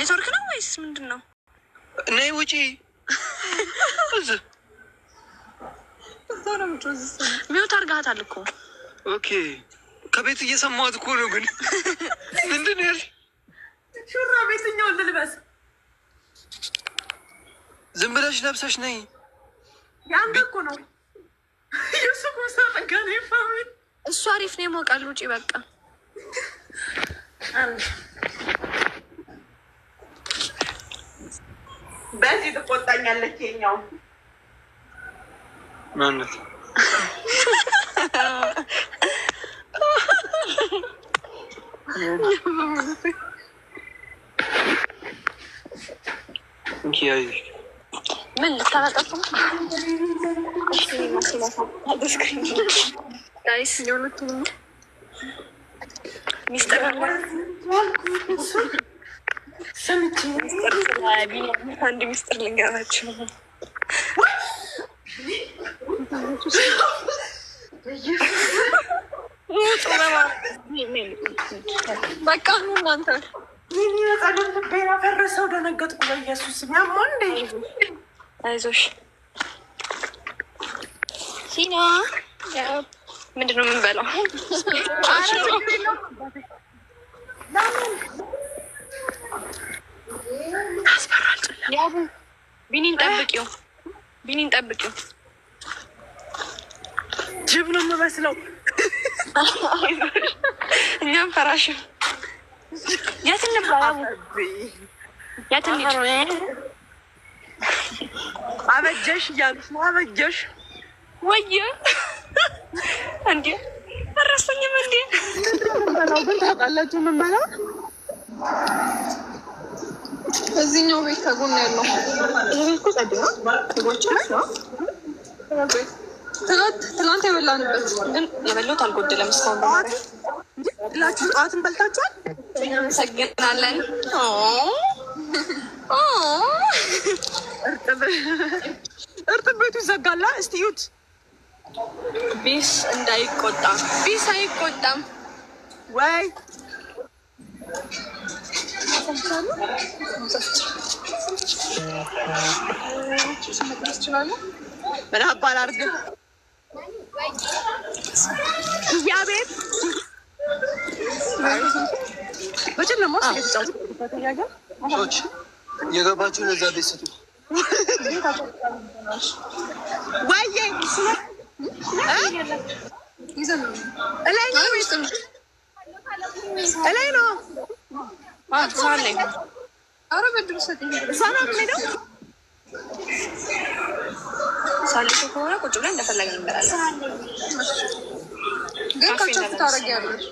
ኔትወርክ ነው ወይስ ምንድን ነው? ነይ ውጪ። ሚውት አድርገሃታል እኮ። ኦኬ ከቤት እየሰማት እኮ ነው። ግን ምንድን ነው ያልሽ? ሹራብ የትኛውን ልልበስ? ዝም ብለሽ ለብሰሽ ነይ። ያንተ እኮ ነው እሱ አሪፍ ነው። ይሞቃል። ውጪ በቃ በዚህ ትቆጣኛለች። የኛው ማለት ምን ልታመጣጡ ሚስጥር አንድ ሚስጥር ልንገራችሁ። በቃ እናንተ ፈረሰው ደነገጥኩ። በኢየሱስ ሚያማ እንደ አይዞሽ ሲና ምንድን ነው የምንበላው? ያቡ ቢኒን ጠብቂው፣ ቢኒን ጠብቂው። ጅብ ነው የምመስለው። እኛም ፈራሽ የት እንብላ? የት አበጀሽ እያሉሽ አበጀሽ ወይ እንዴ አረሰኝም እንዴ ምንበላው ግን ታውቃላችሁ፣ ምንበላው እዚህኛው ቤት ከጎን ያለው ትናንት የበላንበት ግን የበላሁት አልጎደለም። እስካሁን ብላችሁ ጠዋትን በልታችኋል። እናመሰግናለን። እርጥብ ቤቱ ይዘጋላ። እስቲ እዩት። ቢስ እንዳይቆጣ ቢስ አይቆጣም ወይ ምን አባል አድርግ እግዚአብሔር መቼም ደግሞ ሰዎች የገባችሁ ለዛ ቤት ስጡ ወይዬ እላይ ነው ከሆነ ቁጭ ብለን እንደፈለግን እንበላለን። ግን ከፍ ታደርጊያለሽ።